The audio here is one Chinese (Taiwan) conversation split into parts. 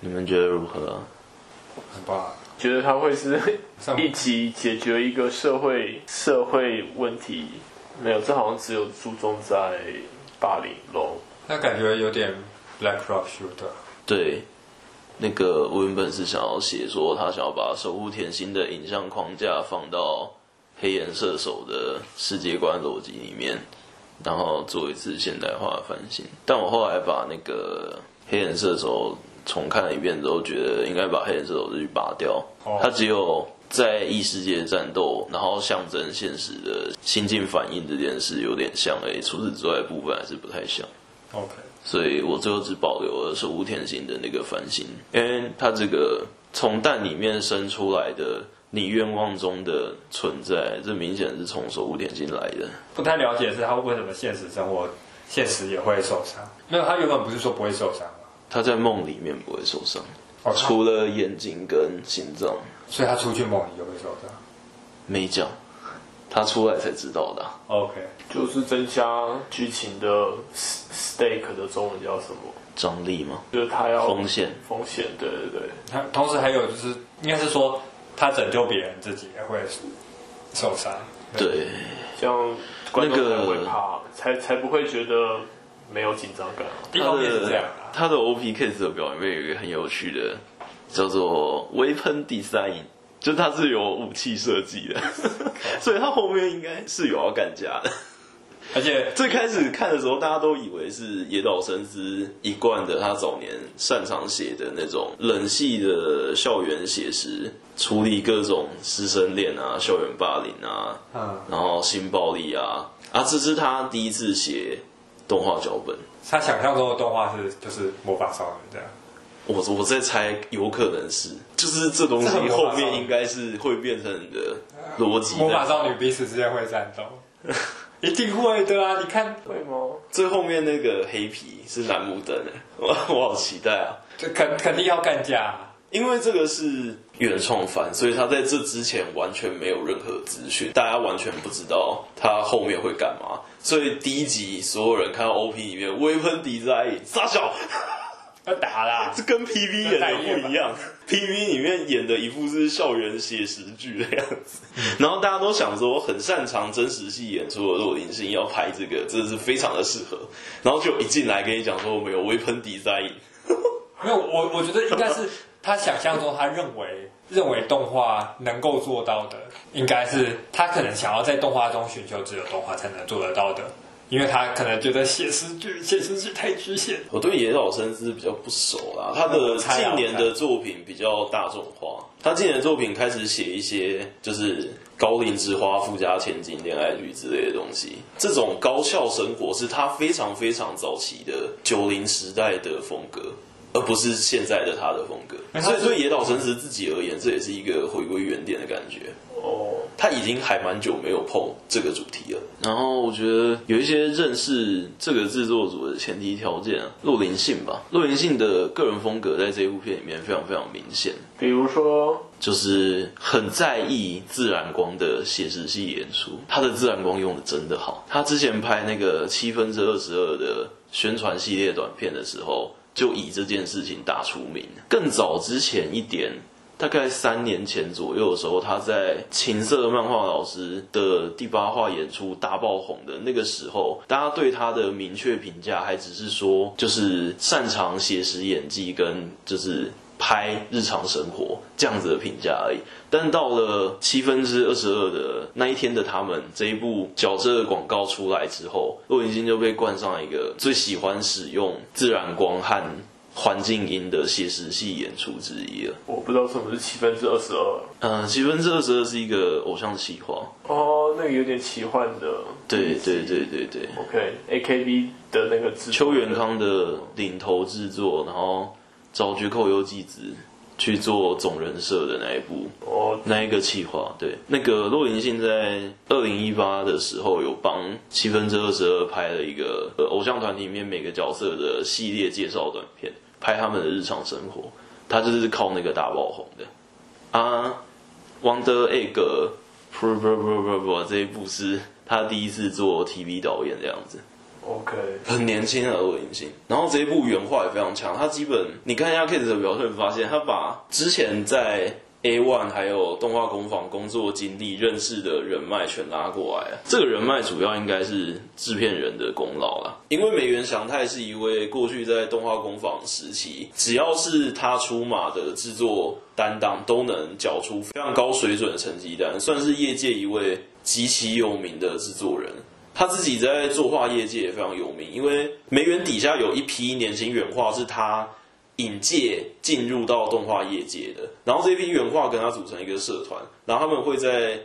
你們覺得如何、啊？很、啊、覺得他會是一集解決一個社會社會問題？沒有，這好像只有注重在霸凌咯。那感覺有點《Black Rock Shooter》。對，那個原本是想要寫說他想要把守護甜心的影像框架放到黑岩射手的世界觀邏輯裡面，然後做一次現代化的翻新。但我後來把那個黑岩射手。重看了一遍，都覺得應該把黑岩射手去拔掉。他只有在異世界戰鬥，然後象徵現實的心境反應這件事有點像誒。除此之外的部分還是不太像。OK，所以我最後只保留了守護甜心的那個繁星，因為他這個從蛋裡面生出來的你願望中的存在，這明顯是從守護甜心來的。不太了解是他為什麼現實生活現實也會受傷？沒有，他原本不是說不會受傷。他在夢裡面不會受傷，oh, God. 除了眼睛跟心臟。所以他出去夢裡就會受傷？沒講，他出來才知道的啊。OK，就是增加劇情的 stake 的中文叫什麼？張力嗎？就是他要風險，風險，對對對。他同時還有就是，應該是說他拯救別人，自己也會受傷。對,對,對，對，像觀眾才會怕，那個，才才不會覺得。沒有緊張感。他的，是這樣的、啊、他的 OP case 的表裡面有一個很有趣的，叫做 weapon design，就它是有武器設計的，Okay. 所以他後面應該是有要幹架的。 而且最開始看的時候，大家都以為是野島伸司一貫的，他早年擅長寫的那種冷系的校園寫實，處理各種師生戀啊、校園霸凌啊，嗯、然後性暴力啊，啊，這是他第一次寫。動畫腳本，他想象中的動畫是就是魔法少女這樣，我我在猜有可能是，就是這東西後面應該是會變成你的邏輯，魔法少女彼此之間會戰鬥， 一定會的啊！你看會嗎？最後面那個黑皮是楠木燈。我 我好期待啊！這肯肯定要幹架。因為這個是原創番，所以他在這之前完全沒有任何資訊，大家完全不知道他後面會幹嘛。所以第一集所有人看到 OP 裡面 weapon design，殺小要打啦，這 跟 PV 演的不一樣。PV 裡面演的一副是校園寫實劇的樣子，然後大家都想說很擅長真實系演出的若林信要拍這個，真的是非常的適合。然後就一進來跟你講說我們有 weapon design，沒有, design, 沒有我我覺得應該是。他想象中，他認為 認為動畫能夠做到的，應該是他可能想要在動畫中尋求只有動畫才能做得到的，因為他可能覺得寫實劇、寫實劇太局限。我對野島伸司比較不熟啦，他的近年的作品比較大眾化，他近年的作品開始寫一些就是高嶺之花、富家千金戀愛劇之類的東西，這種高校生活是他非常非常早期的九零時代的風格。而不是現在的他的風格，所以對野島伸司自己而言，這也是一個回歸原點的感覺。哦，他已經還蠻久沒有碰這個主題了。然後我覺得有一些認識這個製作組的前提條件、啊，洛林信吧。洛林信的個人風格在這一部片裡面非常非常明顯，比如說，就是很在意自然光的寫實系演出，他的自然光用的真的好。他之前拍那個七分之二十二的宣傳系列短片的時候。就以這件事情打出名。更早之前一點，大概三年前左右的時候，他在《情色漫畫老師》的第八話演出大爆紅的那個時候，大家對他的明確評價還只是說，就是擅長寫實演技跟，就是。拍日常生活這樣子的評價而已，但到了七分之二十二的那一天的他們這一部角色的廣告出來之後，落櫻就被冠上一個最喜歡使用自然光和環境音的寫實系演出之一了。我不知道什麼是七分之二十二，嗯、呃，七分之二十二是一個偶像企劃哦，oh, 那個有點奇幻的，對對對對對，對，OK，AKB 的那個字秋元康的領頭製作，然後。找菊扣游紀子去做總人設的那一部，那一個企劃，對，那個若林信在二零一八的時候有幫七分之二十二拍了一個偶像團體裡面每個角色的系列介紹短片，拍他們的日常生活，他就是靠那個大爆紅的啊。Wonder Egg，不不不不不，這一部是他第一次做 TV 導演這樣子。OK，很年輕的二維明星，然後這一部原畫也非常強。他基本你看一下 Kate 的表現，發現他把之前在 A One 還有動畫工坊工作經歷認識的人脈全拉過來。這個人脈主要應該是制片人的功勞了，因為梅原翔太是一位過去在動畫工坊時期，只要是他出馬的制作擔當，都能繳出非常高水準的成績單，算是業界一位極其有名的制作人。他自己在作畫業界也非常有名，因為梅園底下有一批年輕原畫是他引介進入到動畫業界的。然後這一批原畫跟他組成一個社團，然後他們會在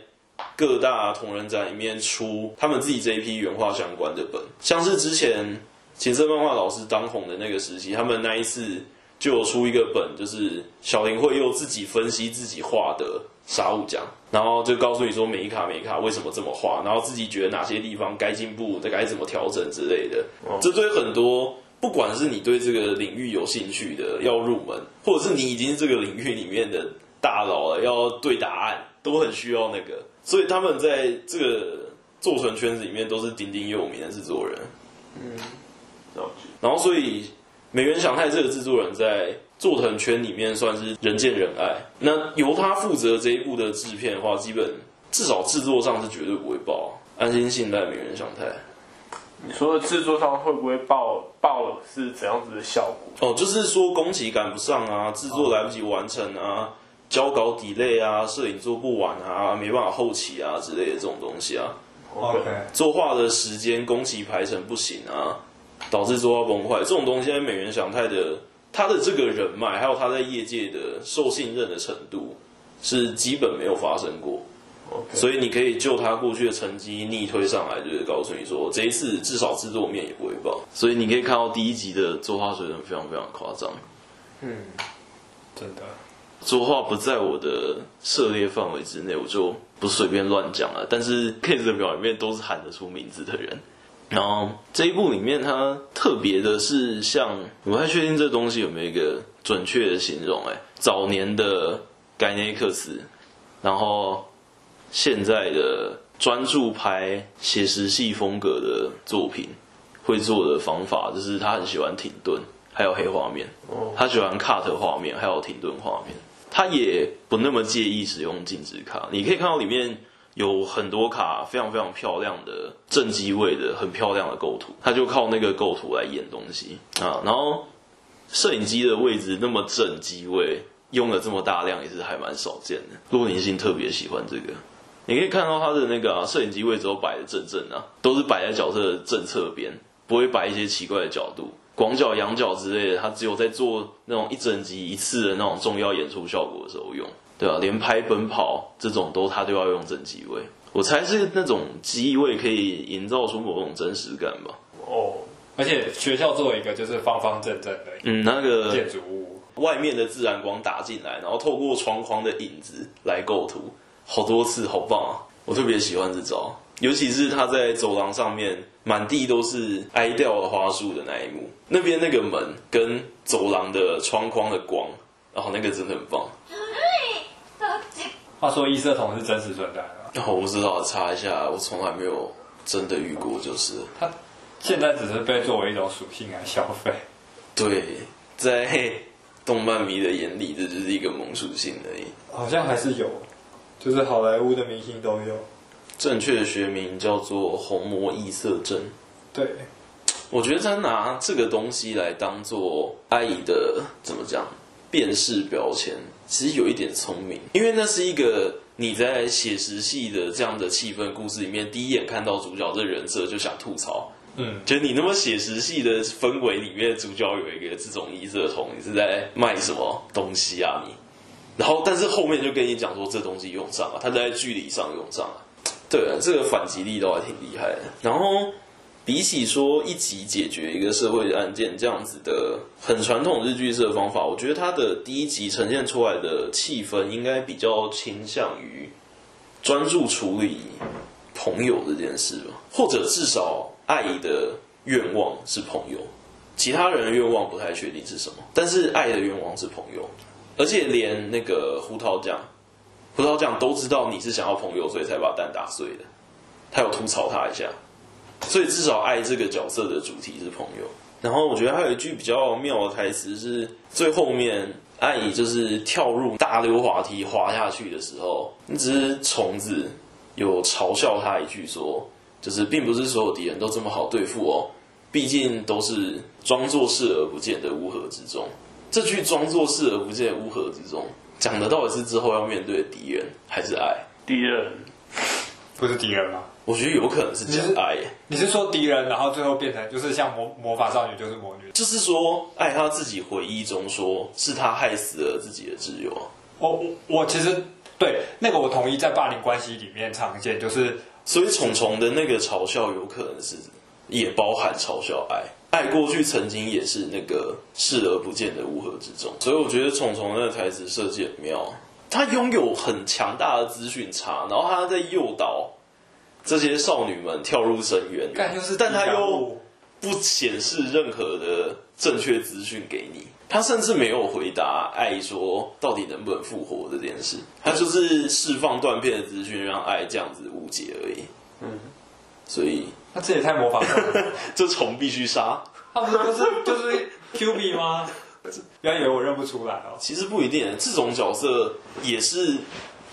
各大同人展裡面出他們自己這一批原畫相關的本，像是之前情色漫畫老師當紅的那個時期，他們那一次就有出一個本，就是小林會又自己分析自己畫的。沙悟講，然後就告訴你說，每一卡每一卡為什麼這麼畫，然後自己覺得哪些地方該進步，那該怎麼調整之類的。這對很多不管是你對這個領域有興趣的要入門，或者是你已經這個領域裡面的大佬了，要對答案都很需要那個。所以他們在這個作存圈子裡面都是鼎鼎有名的制作人。嗯，然後所以梅原翔太這個制作人在。做成圈裡面算是人見人愛。那由他負責這一部的制片的話，基本至少制作上是絕對不會爆，安心信賴梅原翔太。你說的制作上會不會爆，爆了是怎樣子的效果？哦，就是說工期趕不上啊，制作來不及完成啊，交稿 delay 啊，攝影做不完啊，沒辦法後期啊之類的這種東西啊。OK。作畫的時間工期排程不行啊，導致作畫崩壞，這種東西在梅原翔太的。他的這個人脈，還有他在業界的受信任的程度，是基本沒有發生過。Okay. 所以你可以就他過去的成績逆推上來，就是告訴你說，這一次至少制作面也不會爆。所以你可以看到第一集的作畫水準非常非常誇張。嗯，真的啊。作畫不在我的涉獵範圍之內，我就不隨便亂講了。但是 cast 的表裡面都是喊得出名字的人。然後這一部裡面，它特別的是像，像我不太確定這東西有沒有一個準確的形容，哎，早年的蓋內克斯，然後現在的專注拍寫實系風格的作品，會做的方法就是他很喜歡停頓，還有黑畫面，他喜歡 cut 畫面，還有停頓畫面，他也不那麼介意使用靜止卡，你可以看到裡面。有很多卡非常非常漂亮的正機位的很漂亮的構圖，它就靠那個構圖來演東西啊。然後攝影機的位置那麼正機位，用了這麼大量也是還蠻少見的。陸林心特別喜歡這個，你可以看到他的那個攝、啊、影機位置都擺的正正啊，都是擺在角色的正側邊，不會擺一些奇怪的角度，廣角、仰角之類的。他只有在做那種一整集一次的那種重要演出效果的時候用。對啊，連拍奔跑這種都他都要用正機位，我猜是那種機位可以營造出某種真實感吧。哦，而且學校作為一個就是方方正正的建物，嗯，那個建築物外面的自然光打進來，然後透過窗框的影子來構圖，好多次，好棒啊！我特別喜歡這招，尤其是他在走廊上面滿地都是哀悼的花束的那一幕，那邊那個門跟走廊的窗框的光，然後，哦，那個真的很棒。話說異色瞳是真實存在的？哦？我不知道，查一下，我從來沒有真的遇過，就是。它現在只是被作為一種屬性來消費。對，在動漫迷的眼裡，這就是一個萌屬性而已。好像還是有，就是好萊塢的明星都有。正確的學名叫做虹膜異色症。對，我覺得他拿這個東西來當做阿姨的怎麼講？辨識標籤其實有一點聰明，因為那是一個你在寫實系的這樣的氣氛的故事裡面，第一眼看到主角的人設就想吐槽，嗯，就你那麼寫實系的氛圍裡面，主角有一個這種異色瞳，你是在賣什麼東西啊？你，然後但是後面就跟你講說這東西用上了，他在距離上用上了，對了，這個反擊力倒還挺厲害的，然後。比起說一集解決一個社會的案件這樣子的很傳統日劇式的方法，我覺得它的第一集呈現出來的氣氛應該比較傾向於專注處理朋友這件事吧，或者至少愛的願望是朋友，其他人的願望不太確定是什麼，但是愛的願望是朋友，而且連那個胡桃醬，胡桃醬都知道你是想要朋友，所以才把蛋打碎的，他有吐槽他一下。所以至少愛這個角色的主題是朋友，然後我覺得還有一句比較妙的台詞是最後面愛就是跳入大溜滑梯，滑下去的時候，那隻蟲子有嘲笑他一句說，就是並不是所有敵人都這麼好對付哦，畢竟都是裝作視而不見的烏合之眾。這句裝作視而不見的烏合之眾，講的到底是之後要面對的敵人，還是愛？敵人。不是敵人嗎？我覺得有可能是假愛你、就是。你是說敵人，然後最後變成就是像魔魔法少女，就是魔女。就是說，愛他自己回憶中說，說是他害死了自己的摯友。我我我其實對那個我同意，在霸凌關係裡面常見，就是所以蟲蟲的那個嘲笑，有可能是也包含嘲笑愛。愛過去曾經也是那個視而不見的烏合之眾，所以我覺得蟲蟲那個台詞設計很妙。他擁有很強大的資訊差，然後他在誘導這些少女們跳入深淵，就是、但他又不顯示任何的正確資訊給你，他甚至沒有回答愛說到底能不能復活這件事，他就是釋放斷片的資訊，讓愛這樣子誤解而已。嗯、所以他這也太模仿了，這蟲 必須殺，他不、啊、就是就是 QB 嗎？ 不要以為我認不出來哦，其實不一定的。這種角色也是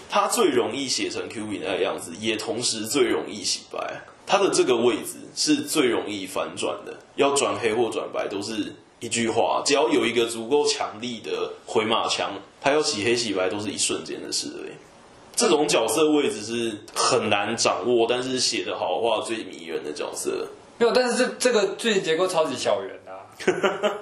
他最容易寫成 QB 那個樣子，也同時最容易洗白。他的這個位置是最容易反轉的，要轉黑或轉白都是一句話。只要有一個足夠強力的回馬槍，他要洗黑洗白都是一瞬間的事。哎，這種角色位置是很難掌握，但是寫的好話最迷人的角色。沒有，但是這這個劇情結構超級小圓啊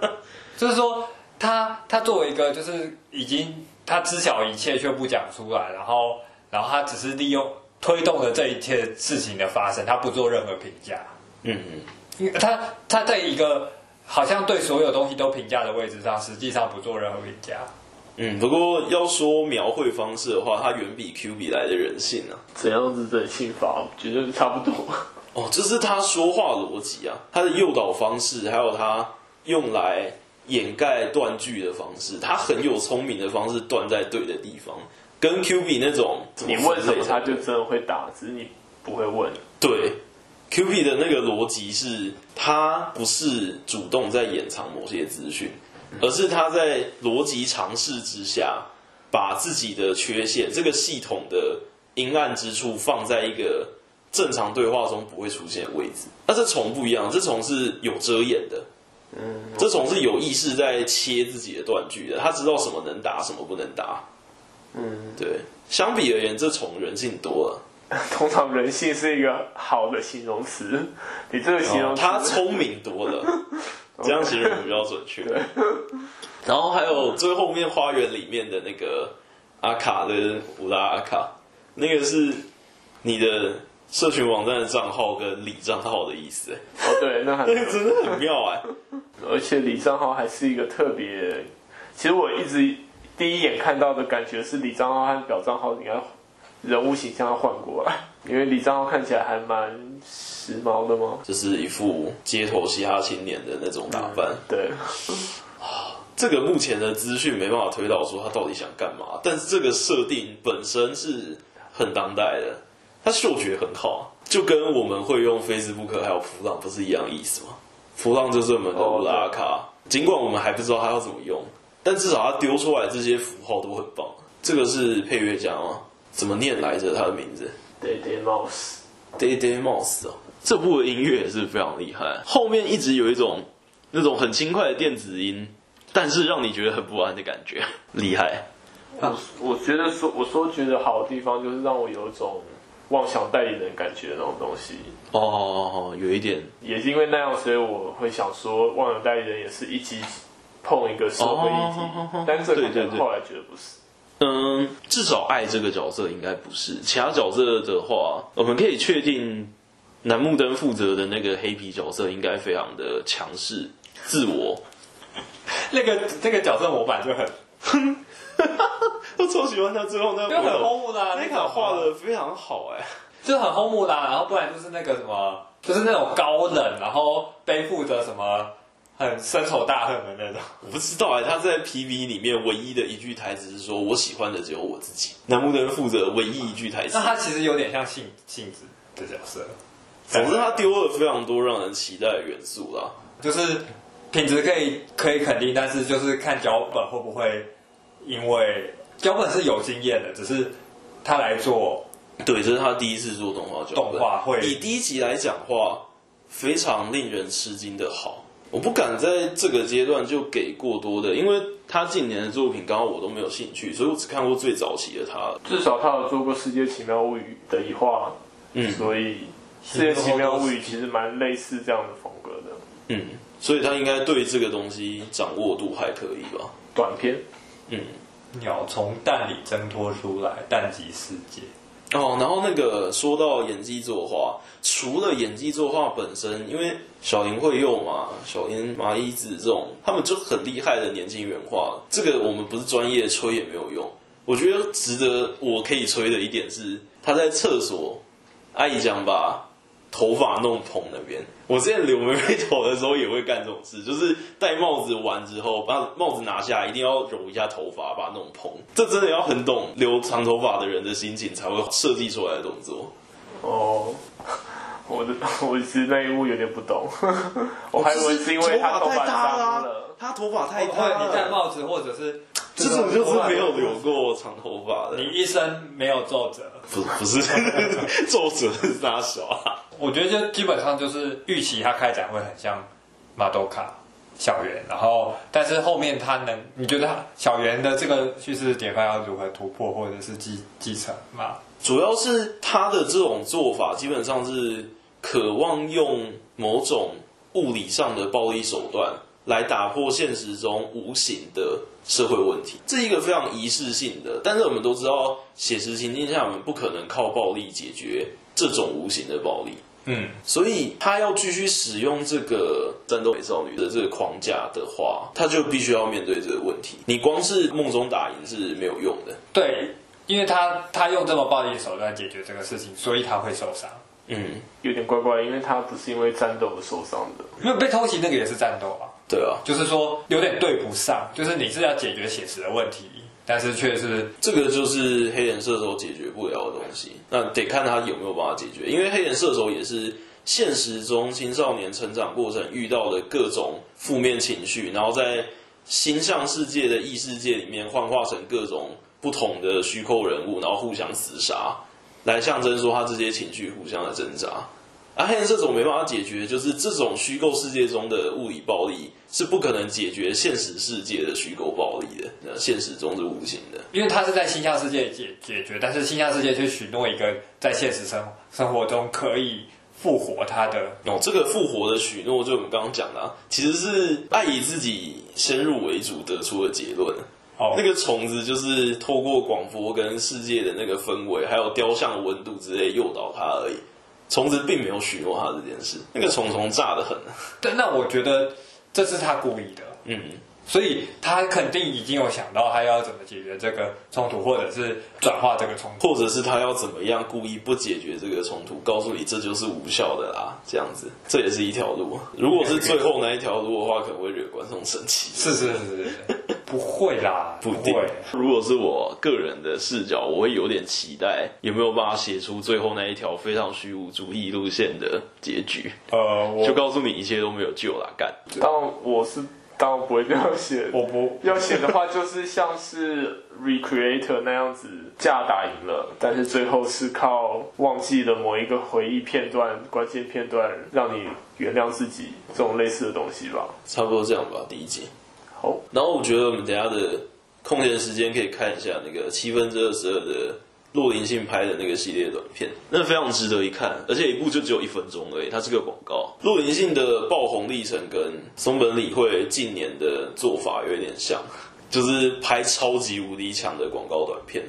就是說。他他作為一個就是已經他知曉一切卻不講出來，然後然後他只是利用推動了這一切事情的發生，他不做任何評價。嗯嗯，因為他他在一個好像對所有東西都評價的位置上，實際上不做任何評價。嗯，嗯，不過要說描繪方式的話，他遠比 Q 比來的人性啊，怎樣子的性法，我覺得差不多。哦，這是他說話邏輯啊，他的誘導方式，還有他用來，掩蓋斷句的方式，他很有聰明的方式斷在對的地方，跟 QB 那種你問什麼他就真的會打，只是你不會問。對，QB 的那個邏輯是，他不是主動在掩藏某些資訊，而是他在邏輯嘗試之下，把自己的缺陷，這個系統的陰暗之處放在一個正常對話中不會出現的位置。那這蟲不一樣，這蟲是有遮掩的。嗯，這種是有意識在切自己的斷句的，他知道什麼能打，什麼不能打。嗯，對。相比而言，這種人性多了。通常人性是一個好的形容詞，你這個形容詞、哦……他聰明多了， 這樣形容比較準確。 對然後還有最後面花園裡面的那個阿卡的烏拉阿卡，那個是你的。社群網站的賬號跟李賬號的意思，欸，哦，oh, 對，那 真的很妙哎，欸！ 而且李賬號還是一個特別，其實我一直第一眼看到的感覺是李賬號和表賬號應該人物形象要換過來，因為李賬號看起來還蠻時髦的嘛，就是一副街頭嘻哈青年的那種打扮，嗯。對， 這個目前的資訊沒辦法推導出他到底想幹嘛，但是這個設定本身是很當代的。他嗅覺很好，就跟我們會用 Facebook 還有噗浪不是一樣意思嗎？噗浪、oh, 就是我們的烏拉卡，對儘管我們還不知道它要怎麼用，但至少他丟出來這些符號都很棒。這個是配樂家嗎？怎麼念來着？他的名字？DE DE MOUSE，DE DE MOUSE、哦。這部的音樂也是非常厲害，後面一直有一種那種很輕快的電子音，但是讓你覺得很不安的感覺。厲 害。啊、我我覺得說我說覺得好的地方，就是讓我有一種。妄想代理人感覺的那種東西哦，oh, oh, oh, oh, oh, 有一點也是因為那樣，所以我會想說，妄想代理人也是一集碰一個社會議題，但是可能後來覺得不是。對不是 嗯，至少愛這個角色應該不是，其他角色的話，我們可以確定楠木燈負責的那個黑皮角色應該非常的強勢、自我。 那個這個角色模板就很。哼， 我超喜歡他最後那部、啊。就很荒木的，那卡畫的非常好哎、欸，就很荒木啦，然後不然就是那個什麼，就是那種高冷，然後背負着什麼很深仇大恨的那種。我、嗯嗯嗯、不知道哎、欸，他在 PV 裡面唯一的一句台詞是說：“我喜歡的只有我自己。”能不能負責唯一一句台詞，那他其實有點像性性子的角色。總之，他丟了非常多讓人期待的元素了。就是品質可以可以肯定，但是就是看腳本會不會。因為，基本上是有經驗的，只是他來做。對，這、就是他第一次做動畫，動畫會以第一集來講的話，非常令人吃驚的好。我不敢在這個階段就給過多的，因為他近年的作品，剛剛我都沒有興趣，所以我只看過最早期的他。至少他有做過《世界奇妙物語》的一話，嗯，所以《世界奇妙物語》其實蠻類似這樣的風格的，嗯，所以他應該對這個東西掌握度還可以吧？短片。嗯，鳥從蛋裡掙脫出來，蛋即世界。哦，然後那個，說到演技作畫，除了演技作畫本身，因為小林會用嘛，小林麻衣子這種，他們就很厲害的年輕原畫，這個我們不是專業吹也沒有用。我覺得值得我可以吹的一點是，他在廁所，阿姨講吧。頭髮弄蓬那邊，我之前留妹妹頭的時候也會幹這種事，就是戴帽子完之後把帽子拿下，一定要揉一下頭髮，把它弄蓬。這真的要很懂留長頭髮的人的心情，才會設計出來的動作。哦，我的，我其實那一幕有點不懂，我還以為是因為他頭髮髒了,、哦、了，他頭髮太塌。哦、你戴帽子或者是這,這種就是沒有留過長頭髮的，你一生沒有皺褶，不是不是小，皺褶是我覺得就基本上就是預期它開展會很像馬多卡小圓，然後但是後面他能，你覺得小圓的這個敘事典範要如何突破，或者是繼繼承嗎？主要是他的這種做法基本上是渴望用某種物理上的暴力手段來打破現實中無形的社會問題，這一個非常儀式性的，但是我們都知道，寫實情境下我們不可能靠暴力解決這種無形的暴力。嗯，所以他要繼續使用這個戰鬥美少女的這個框架的話，他就必須要面對這個問題。你光是夢中打贏是沒有用的。對，因為他他用這麼暴力的手段解決這個事情，所以他會受傷。嗯，有點怪怪，因為他不是因為戰鬥而受傷的。因為被偷襲那個也是戰鬥啊。對啊，就是說有點對不上，就是你是要解決現實的問題。但是，確實，這個就是黑岩射手解決不了的東西。那得看他有沒有辦法解決，因為黑岩射手也是現實中青少年成長過程遇到的各種負面情緒，然後在形象世界的異世界裡面幻化成各種不同的虛構人物，然後互相廝殺，來象徵說他這些情緒互相的掙扎。黑，這種沒辦法解決，就是這種虛構世界中的物理暴力是不可能解決現實世界的虛構暴力的。那現實中是無形的，因為它是在星象世界解解決，但是星象世界卻許諾一個在現實生生活中可以復活他的。哦、嗯，這個復活的許諾，就我們剛剛講的、啊，其實是愛以自己先入為主得出的結論。哦，oh. 那個蟲子就是透過廣播跟世界的那個氛圍，還有雕像的溫度之類誘導他而已。.蟲子並沒有許諾他這件事，那個蟲蟲炸得很。對，那我覺得這是他故意的。嗯，所以他肯定已經有想到他要怎麼解決這個衝突，或者是轉化這個衝突，或者是他要怎麼樣故意不解決這個衝突，告訴你這就是無效的啦，這樣子，這也是一條路。如果是最後那一條路的話，可能會惹觀眾生氣。是，是是是是。 不會啦，不定，不會。如果是我個人的視角，我會有點期待，有沒有辦法寫出最後那一條非常虛無主義路線的結局？呃，我就告訴你一切都沒有救啦，幹。當然我是，當我不會這樣寫。我不要寫的話，就是像是 Recreator 那樣子，假打贏了，但是最後是靠忘記了某一個回憶片段、關鍵片段，讓你原諒自己，這種類似的東西吧。差不多這樣吧，第一集。好，然後我覺得我們等下的空閒時間可以看一下那個七分之二十二的陸林信拍的那個系列短片，那非常值得一看，而且一部就只有一分鐘而已，它是個廣告。陸林信的爆紅歷程跟松本理惠近年的做法有點像，就是拍超級無敵強的廣告短片。